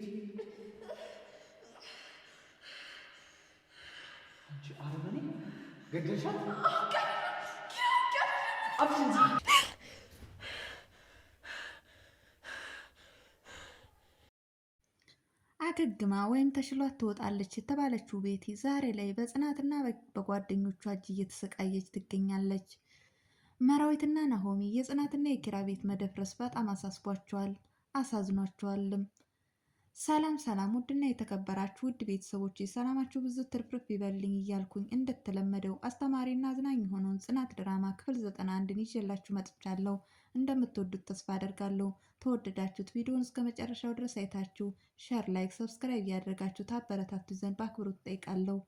ቤቲ አንቺ አረመኔ ገደልሻት። አገግማ ወይም ተሽሏት ትወጣለች የተባለችው ቤቲ ዛሬ ላይ በጽናትና በጓደኞቿ እጅ እየተሰቃየች ትገኛለች። መራዊትና ናሆሚ የጽናትና የኪራ ቤት መደፍረስ በጣም አሳስቧቸዋል፣ አሳዝኗቸዋልም። ሰላም ሰላም ውድና የተከበራችሁ ውድ ቤተሰቦች ሰላማችሁ ብዙ ትርፍርፍ ይበልኝ እያልኩኝ እንደተለመደው አስተማሪና አዝናኝ የሆነውን ጽናት ድራማ ክፍል 91ን ይዤላችሁ መጥቻለሁ። እንደምትወዱት ተስፋ አደርጋለሁ። ተወደዳችሁት ቪዲዮውን እስከ መጨረሻው ድረስ አይታችሁ ሸር፣ ላይክ፣ ሰብስክራይብ እያደረጋችሁ ታበረታቱ ዘንድ በአክብሮት እጠይቃለሁ።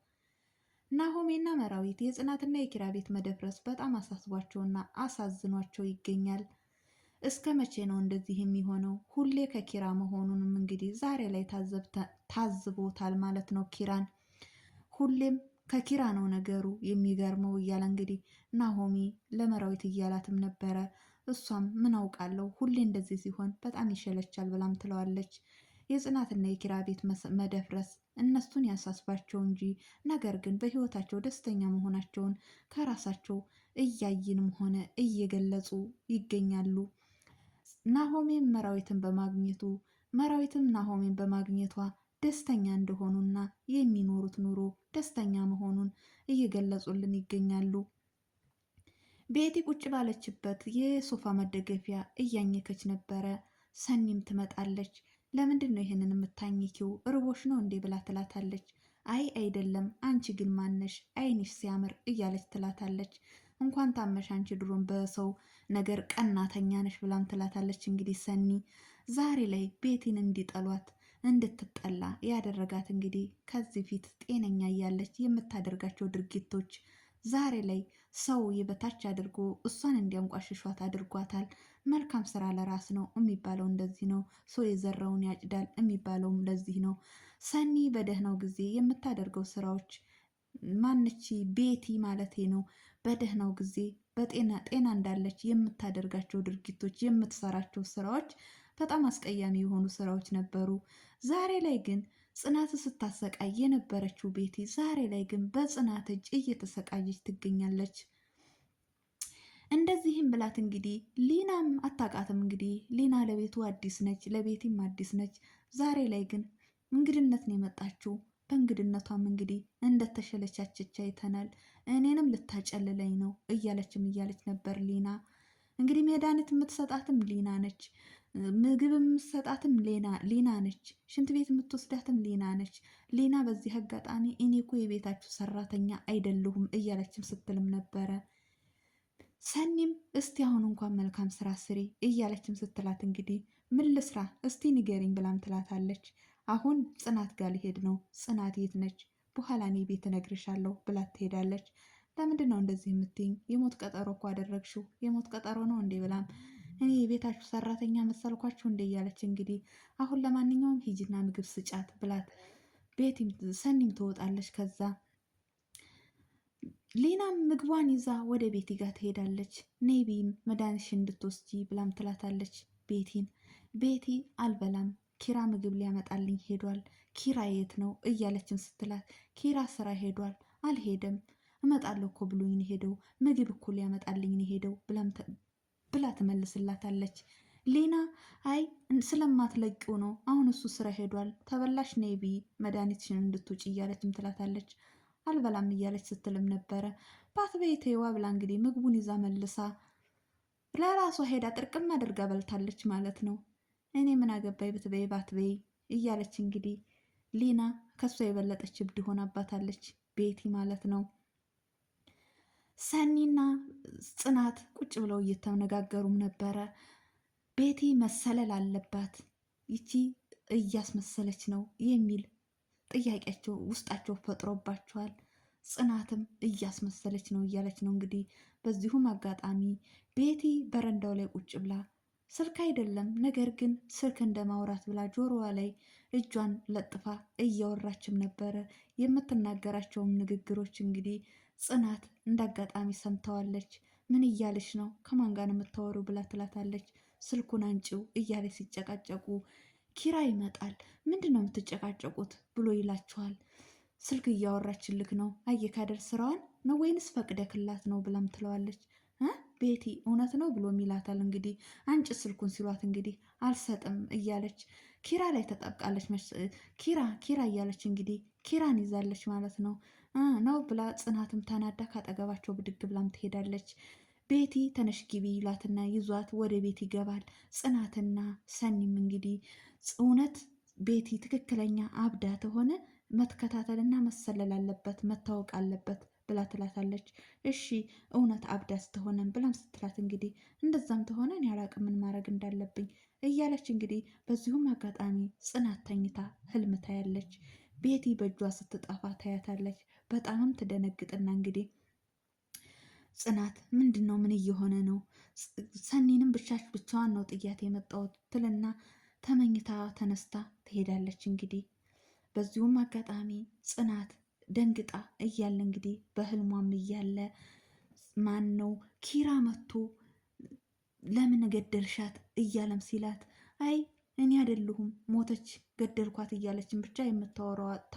ናሆሜና መራዊት የጽናትና የኪራ ቤት መደፍረስ በጣም አሳስቧቸውና አሳዝኗቸው ይገኛል። እስከ መቼ ነው እንደዚህ የሚሆነው? ሁሌ ከኪራ መሆኑንም እንግዲህ ዛሬ ላይ ታዝቦታል ማለት ነው። ኪራን ሁሌም ከኪራ ነው ነገሩ የሚገርመው እያለ እንግዲህ ናሆሚ ለመራዊት እያላትም ነበረ። እሷም ምን አውቃለሁ ሁሌ እንደዚህ ሲሆን በጣም ይሸለቻል ብላም ትለዋለች። የጽናትና የኪራ ቤት መደፍረስ እነሱን ያሳስባቸው እንጂ ነገር ግን በህይወታቸው ደስተኛ መሆናቸውን ከራሳቸው እያይንም ሆነ እየገለጹ ይገኛሉ። ናሆሜም መራዊትን በማግኘቱ መራዊትም ናሆሜን በማግኘቷ ደስተኛ እንደሆኑና የሚኖሩት ኑሮ ደስተኛ መሆኑን እየገለጹልን ይገኛሉ። ቤቲ ቁጭ ባለችበት የሶፋ መደገፊያ እያኘከች ነበረ። ሰኒም ትመጣለች። ለምንድን ነው ይህንን የምታኝኪው? እርቦሽ ነው እንዴ ብላ ትላታለች። አይ አይደለም፣ አንቺ ግን ማነሽ? አይንሽ ሲያምር እያለች ትላታለች። እንኳን ታመሻ አንቺ ድሮም በሰው ነገር ቀናተኛ ነሽ ብላም ትላታለች። እንግዲህ ሰኒ ዛሬ ላይ ቤቲን እንዲጠሏት እንድትጠላ ያደረጋት እንግዲህ ከዚህ ፊት ጤነኛ እያለች የምታደርጋቸው ድርጊቶች ዛሬ ላይ ሰው የበታች አድርጎ እሷን እንዲያንቋሽሿት አድርጓታል። መልካም ስራ ለራስ ነው የሚባለው እንደዚህ ነው። ሰው የዘራውን ያጭዳል የሚባለውም ለዚህ ነው። ሰኒ በደህናው ጊዜ የምታደርገው ስራዎች ማንቺ ቤቲ ማለቴ ነው። በደህናው ጊዜ በጤና ጤና እንዳለች የምታደርጋቸው ድርጊቶች፣ የምትሰራቸው ስራዎች በጣም አስቀያሚ የሆኑ ስራዎች ነበሩ። ዛሬ ላይ ግን ጽናት ስታሰቃይ የነበረችው ቤቲ ዛሬ ላይ ግን በጽናት እጅ እየተሰቃየች ትገኛለች። እንደዚህም ብላት እንግዲህ ሊናም አታቃትም። እንግዲህ ሊና ለቤቱ አዲስ ነች፣ ለቤቲም አዲስ ነች። ዛሬ ላይ ግን እንግድነት ነው የመጣችው። በእንግድነቷም እንግዲህ እንደተሸለቻቸች አይተናል። እኔንም ልታጨልለኝ ነው እያለችም እያለች ነበር ሊና። እንግዲህ መድኃኒት የምትሰጣትም ሊና ነች። ምግብ የምትሰጣትም ሊና ነች። ሽንት ቤት የምትወስዳትም ሊና ነች። ሊና በዚህ አጋጣሚ እኔ እኮ የቤታችሁ ሰራተኛ አይደለሁም እያለችም ስትልም ነበረ። ሰኒም እስቲ አሁን እንኳን መልካም ስራ ስሪ እያለችም ስትላት እንግዲህ ምን ልስራ እስቲ ንገሪኝ ብላም ትላታለች። አሁን ጽናት ጋር ሊሄድ ነው። ጽናት የት ነች? በኋላ እኔ ቤት እነግርሻለሁ ብላት ትሄዳለች። ለምንድን ነው እንደዚህ የምትይኝ? የሞት ቀጠሮ እኮ አደረግሽው። የሞት ቀጠሮ ነው እንዴ ብላም እኔ የቤታችሁ ሰራተኛ መሰልኳችሁ እንዴ እያለች እንግዲህ አሁን ለማንኛውም ሂጂና ምግብ ስጫት ብላት ቤት ሰኒም ትወጣለች። ከዛ ሌናም ምግቧን ይዛ ወደ ቤቲ ጋር ትሄዳለች። ኔቢም መድኃኒትሽን እንድትወስጂ ብላም ትላታለች ቤቲን። ቤቲ አልበላም ኪራ ምግብ ሊያመጣልኝ ሄዷል። ኪራ የት ነው እያለችም ስትላት ኪራ ስራ ሄዷል አልሄደም እመጣለሁ እኮ ብሎኝ ነው ሄደው ምግብ እኮ ሊያመጣልኝ ነው ሄደው ብላ ትመልስላታለች። ሌና አይ ስለማትለቂው ነው አሁን እሱ ስራ ሄዷል ተበላሽ ኔቢ ብይ መድኃኒትሽን እንድትውጭ እያለችም ትላታለች። አልበላም እያለች ስትልም ነበረ ባትበይ ተይዋ ብላ እንግዲህ ምግቡን ይዛ መልሳ ለራሷ ሄዳ ጥርቅም አድርጋ በልታለች ማለት ነው። እኔ ምን አገባይ ብትበይ ባትበይ እያለች እንግዲህ ሊና ከሷ የበለጠች እብድ ሆናባታለች፣ ቤቲ ማለት ነው። ሰኒና ጽናት ቁጭ ብለው እየተነጋገሩም ነበረ። ቤቲ መሰለል አለባት ይቺ እያስመሰለች ነው የሚል ጥያቄያቸው ውስጣቸው ፈጥሮባቸዋል። ጽናትም እያስመሰለች ነው እያለች ነው እንግዲህ። በዚሁም አጋጣሚ ቤቲ በረንዳው ላይ ቁጭ ብላ ስልክ አይደለም፣ ነገር ግን ስልክ እንደ ማውራት ብላ ጆሮዋ ላይ እጇን ለጥፋ እያወራችም ነበረ። የምትናገራቸውም ንግግሮች እንግዲህ ጽናት እንዳጋጣሚ ሰምተዋለች። ምን እያለች ነው? ከማን ጋር የምታወሩ ብላ ትላታለች። ስልኩን አንጪው እያለ ሲጨቃጨቁ ኪራ ይመጣል። ምንድን ነው የምትጨቃጨቁት ብሎ ይላችኋል። ስልክ እያወራችልክ ነው። አየካደር ስራዋን ነው ወይንስ ፈቅደክላት ነው ብላም ትለዋለች። ቤቲ እውነት ነው ብሎ ሚላታል። እንግዲህ አንጭ ስልኩን ሲሏት እንግዲህ አልሰጥም እያለች ኪራ ላይ ተጠብቃለች። ኪራ ኪራ እያለች እንግዲህ ኪራን ይዛለች ማለት ነው ነው ብላ ጽናትም ተናዳ ካጠገባቸው ብድግ ብላም ትሄዳለች። ቤቲ ተነሽ ግቢ ይላትና ይዟት ወደ ቤት ይገባል። ጽናትና ሰኒም እንግዲህ እውነት ቤቲ ትክክለኛ አብዳ ተሆነ መትከታተልና መሰለል አለበት፣ መታወቅ አለበት። ብላ ትላታለች። እሺ እውነት አብዳ ትሆነን ብላም ስትላት እንግዲህ እንደዛም ተሆነ እኔ አላቅም ምን ማድረግ እንዳለብኝ እያለች እንግዲህ በዚሁም አጋጣሚ ጽናት ተኝታ ህልም ታያለች። ቤቲ በእጇ ስትጠፋ ታያታለች። በጣምም ትደነግጥና እንግዲህ ጽናት ምንድን ነው ምን እየሆነ ነው? ሰኒንም ብቻች ብቻዋን ነው ጥያት የመጣሁት ትልና ተመኝታ ተነስታ ትሄዳለች። እንግዲህ በዚሁም አጋጣሚ ጽናት ደንግጣ እያለ እንግዲህ በህልሟም እያለ ማን ነው ኪራ መጥቶ ለምን ገደልሻት እያለም ሲላት አይ እኔ አይደለሁም ሞተች ገደልኳት እያለችን ብቻ የምታወራው አጥታ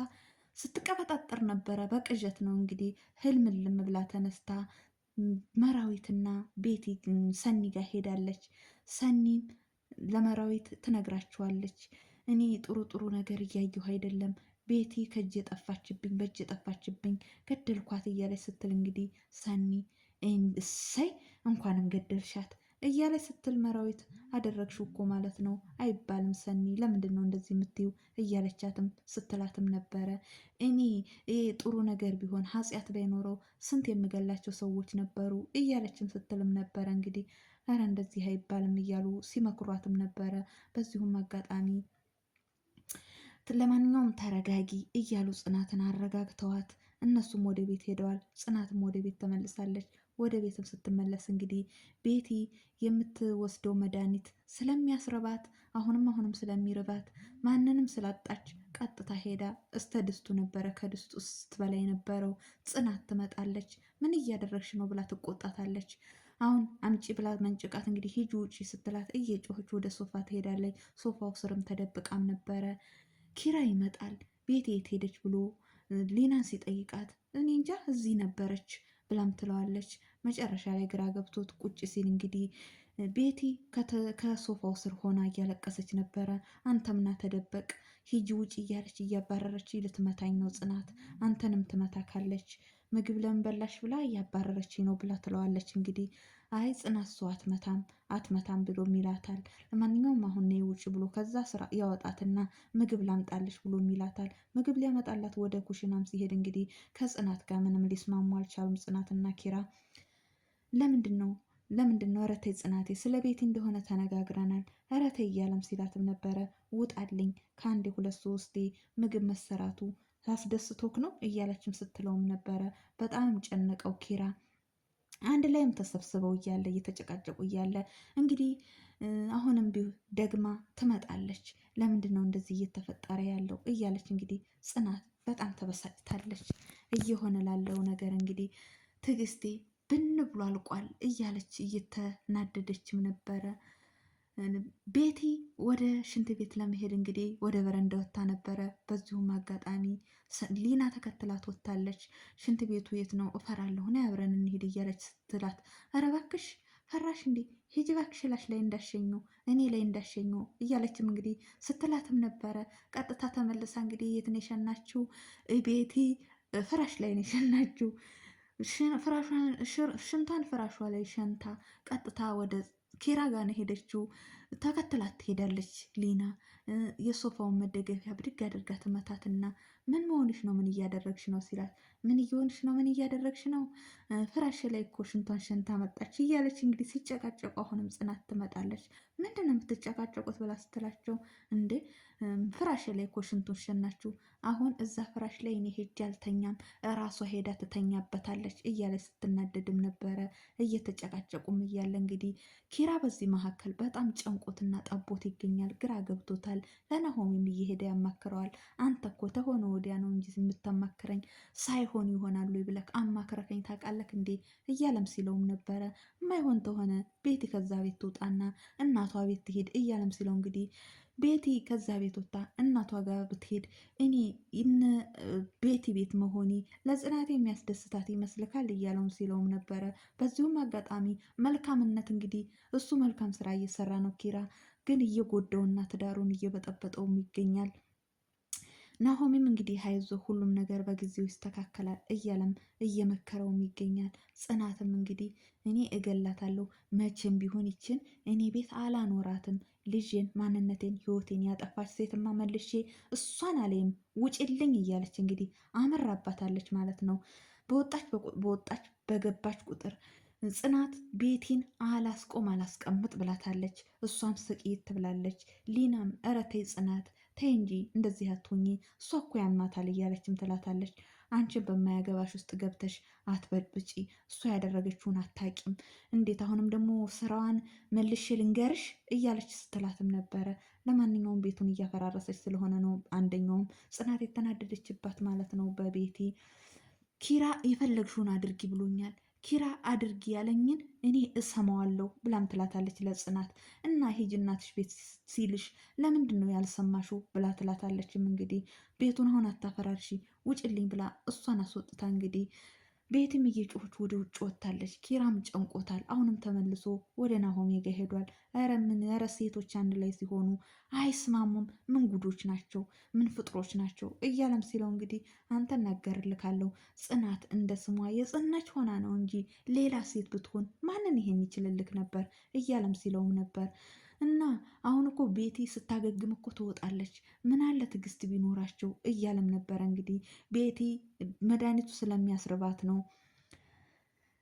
ስትቀበጣጠር ነበረ። በቅዠት ነው እንግዲህ ህልም ልም ብላ ተነስታ መራዊትና ቤቲ ሰኒ ጋር ሄዳለች። ሰኒም ለመራዊት ትነግራችኋለች። እኔ ጥሩ ጥሩ ነገር እያየሁ አይደለም ቤቲ ከእጅ የጠፋችብኝ በእጅ የጠፋችብኝ ገደልኳት እያለች ስትል እንግዲህ ሰኒ እሰይ እንኳንም ገደልሻት እያለች ስትል መራዊት አደረግሽ እኮ ማለት ነው አይባልም ሰኒ ለምንድን ነው እንደዚህ የምትይው እያለቻትም ስትላትም ነበረ እኔ ጥሩ ነገር ቢሆን ኃጢአት ባይኖረው ስንት የምገላቸው ሰዎች ነበሩ እያለችም ስትልም ነበረ እንግዲህ ኧረ እንደዚህ አይባልም እያሉ ሲመክሯትም ነበረ በዚሁም አጋጣሚ ለማንኛውም ተረጋጊ እያሉ ጽናትን አረጋግተዋት እነሱም ወደ ቤት ሄደዋል። ጽናትም ወደ ቤት ተመልሳለች። ወደ ቤትም ስትመለስ እንግዲህ ቤቲ የምትወስደው መድኃኒት ስለሚያስረባት አሁንም አሁንም ስለሚርባት ማንንም ስላጣች ቀጥታ ሄዳ እስተ ድስቱ ነበረ ከድስቱ ስትበላ የነበረው። ጽናት ትመጣለች። ምን እያደረግሽ ነው ብላ ትቆጣታለች። አሁን አምጪ ብላ መንጭቃት እንግዲህ ሂጂ ውጪ ስትላት እየጮኸች ወደ ሶፋ ትሄዳለች። ሶፋው ስርም ተደብቃም ነበረ። ኪራ ይመጣል። ቤት የት ሄደች ብሎ ሊናን ሲጠይቃት እኔ እንጃ እዚህ ነበረች ብላም ትለዋለች። መጨረሻ ላይ ግራ ገብቶት ቁጭ ሲል እንግዲህ ቤቲ ከሶፋው ስር ሆና እያለቀሰች ነበረ። አንተም ተደበቅ፣ ሂጂ ውጭ እያለች እያባረረች ልትመታኝ ነው ጽናት፣ አንተንም ትመታ ካለች ምግብ ለምን በላሽ ብላ እያባረረች ነው ብላ ትለዋለች እንግዲህ አይ ጽናት ሰው አትመታም አትመታም ብሎ ይላታል። ለማንኛውም አሁን ነይ ውጭ ብሎ ከዛ ስራ ያወጣትና ምግብ ላምጣልሽ ብሎ ይላታል። ምግብ ሊያመጣላት ወደ ኩሽናም ሲሄድ እንግዲህ ከጽናት ጋር ምንም ሊስማሙ አልቻሉም። ጽናትና ኪራ ለምንድን ነው ለምንድን ነው ረተይ ጽናቴ ስለ ቤት እንደሆነ ተነጋግረናል ረተ እያለም ሲላትም ነበረ። ውጣልኝ ከአንዴ ሁለት ሶስቴ ምግብ መሰራቱ ታስደስቶክ ነው እያለችም ስትለውም ነበረ። በጣም ጨነቀው ኪራ አንድ ላይም ተሰብስበው እያለ እየተጨቃጨቁ እያለ እንግዲህ አሁንም ቢው ደግማ ትመጣለች። ለምንድን ነው እንደዚህ እየተፈጠረ ያለው እያለች እንግዲህ ጽናት በጣም ተበሳጭታለች። እየሆነ ላለው ነገር እንግዲህ ትዕግስቴ ብን ብሎ አልቋል እያለች እየተናደደችም ነበረ። ቤቲ ወደ ሽንት ቤት ለመሄድ እንግዲህ ወደ በረንዳ ወጥታ ነበረ። በዚሁም አጋጣሚ ሊና ተከትላት ወጥታለች። ሽንት ቤቱ የት ነው? እፈራለሁ ና አብረን እንሄድ እያለች ስትላት፣ ኧረ እባክሽ ፈራሽ እንዴ ሂጂ እባክሽ ላሽ ላይ እንዳሸኙ እኔ ላይ እንዳሸኙ እያለችም እንግዲህ ስትላትም ነበረ። ቀጥታ ተመልሳ እንግዲህ የት ነው የሸናችሁ? ቤቲ ፍራሽ ላይ ነው የሸናችሁ። ሽንቷን ፍራሿ ላይ ሸንታ ቀጥታ ወደ ኪራ ጋር ነው ሄደችው። ተከትላት ትሄዳለች ሊና። የሶፋውን መደገፊያ ብድግ አድርጋ ትመታትና ምን መሆንሽ ነው? ምን እያደረግሽ ነው? ሲላት ምን እየሆንሽ ነው? ምን እያደረግሽ ነው? ፍራሽ ላይ እኮ ሽንቷን ሸንታ መጣች እያለች እንግዲህ ሲጨቃጨቁ፣ አሁንም ጽናት ትመጣለች። ምንድን ነው የምትጨቃጨቁት ብላ ስትላቸው፣ እንዴ ፍራሽ ላይ እኮ ሽንቱን ሸናችሁ፣ አሁን እዛ ፍራሽ ላይ እኔ ሄጄ አልተኛም፣ ራሷ ሄዳ ትተኛበታለች እያለች ስትናደድም ነበረ። እየተጨቃጨቁም እያለ እንግዲህ ኪራ በዚህ መካከል በጣም ጨንቆትና ጠቦት ይገኛል። ግራ ገብቶታል። ለናሆሚም እየሄደ ያማክረዋል። አንተ እኮ ተሆነ ወዲያ ነው እንጂ የምታማክረኝ ሳይ አይሆን ይሆናሉ ብለክ አማክረከኝ ታውቃለክ እንዴ እያለም ሲለውም ነበረ። የማይሆን ተሆነ ቤቲ ከዛ ቤት ትውጣና እናቷ ቤት ትሄድ እያለም ሲለው እንግዲህ ቤቲ ከዛ ቤት ወጣ እናቷ ጋር ብትሄድ እኔ ይነ ቤቲ ቤት መሆኔ ለጽናት የሚያስደስታት ይመስልካል? እያለውም ሲለውም ነበረ። በዚሁም አጋጣሚ መልካምነት እንግዲህ እሱ መልካም ስራ እየሰራ ነው ኪራ ግን እየጎዳውና ትዳሩን እየበጠበጠውም ይገኛል። ናሆምም እንግዲህ አይዞ ሁሉም ነገር በጊዜው ይስተካከላል እያለም እየመከረውም ይገኛል። ጽናትም እንግዲህ እኔ እገላታለሁ መቼም ቢሆን ይችን እኔ ቤት አላኖራትም ልጄን፣ ማንነቴን፣ ህይወቴን ያጠፋች ሴትማ መልሼ እሷን አለይም ውጭልኝ እያለች እንግዲህ አምራባታለች ማለት ነው። በወጣች በወጣች በገባች ቁጥር ጽናት ቤቴን አላስቆም አላስቀምጥ ብላታለች። እሷም ስቅይት ትብላለች። ሊናም እረ ተይ ጽናት ተይ እንጂ እንደዚህ አትሆኚ፣ እሷ እኮ ያማታል እያለችም ትላታለች። አንቺ በማያገባሽ ውስጥ ገብተሽ አትበጥብጪ፣ እሷ ያደረገችውን አታቂም። እንዴት አሁንም ደግሞ ስራዋን መልሽ ልንገርሽ እያለች ስትላትም ነበረ። ለማንኛውም ቤቱን እያፈራረሰች ስለሆነ ነው አንደኛውም ጽናት የተናደደችባት ማለት ነው። በቤቴ ኪራ የፈለግሽውን አድርጊ ብሎኛል ኪራ አድርጊ ያለኝን እኔ እሰማዋለሁ ብላም ትላታለች ለጽናት እና ሂጂ እናትሽ ቤት ሲልሽ ለምንድን ነው ያልሰማሽው ብላ ትላታለችም እንግዲህ ቤቱን አሁን አታፈራርሺ ውጭልኝ ብላ እሷን አስወጥታ እንግዲህ ቤትም እየጮች ወደ ውጭ ወጥታለች። ኪራም ጨንቆታል። አሁንም ተመልሶ ወደ ናሆሜ ጋ ሄዷል። ኧረ ምን ኧረ ሴቶች አንድ ላይ ሲሆኑ አይስማሙም። ምን ጉዶች ናቸው? ምን ፍጥሮች ናቸው? እያለም ሲለው እንግዲህ አንተ እናገርልካለሁ ጽናት እንደ ስሟ የጽናች ሆና ነው እንጂ ሌላ ሴት ብትሆን ማንን ይሄን ይችልልክ ነበር? እያለም ሲለውም ነበር እና አሁን እኮ ቤቲ ስታገግም እኮ ትወጣለች፣ ምን አለ ትዕግስት ቢኖራቸው እያለም ነበረ። እንግዲህ ቤቲ መድኃኒቱ ስለሚያስርባት ነው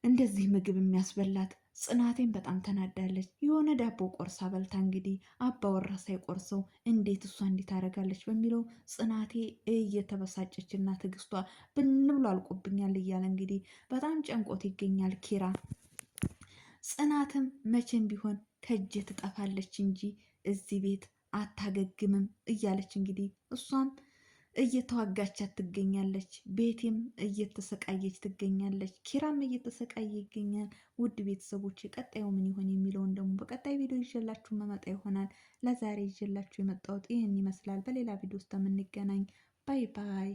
እንደዚህ ምግብ የሚያስበላት። ጽናቴን በጣም ተናዳለች። የሆነ ዳቦ ቆርሳ በልታ እንግዲህ አባወራ ሳይቆርሰው እንዴት እሷ እንዴት አደርጋለች በሚለው ጽናቴ እየተበሳጨችና ትዕግስቷ ብን ብሎ አልቆብኛል እያለ እንግዲህ በጣም ጨንቆት ይገኛል ኪራ ጽናትም መቼም ቢሆን ከእጄ ትጠፋለች እንጂ እዚህ ቤት አታገግምም እያለች እንግዲህ እሷም እየተዋጋቻት ትገኛለች። ቤቴም እየተሰቃየች ትገኛለች። ኪራም እየተሰቃየ ይገኛል። ውድ ቤተሰቦች ቀጣዩ ምን ይሆን የሚለውን ደግሞ በቀጣይ ቪዲዮ ይዤላችሁ መመጣ ይሆናል። ለዛሬ ይዤላችሁ የመጣሁት ይህን ይመስላል። በሌላ ቪዲዮ ውስጥ የምንገናኝ ባይ ባይ።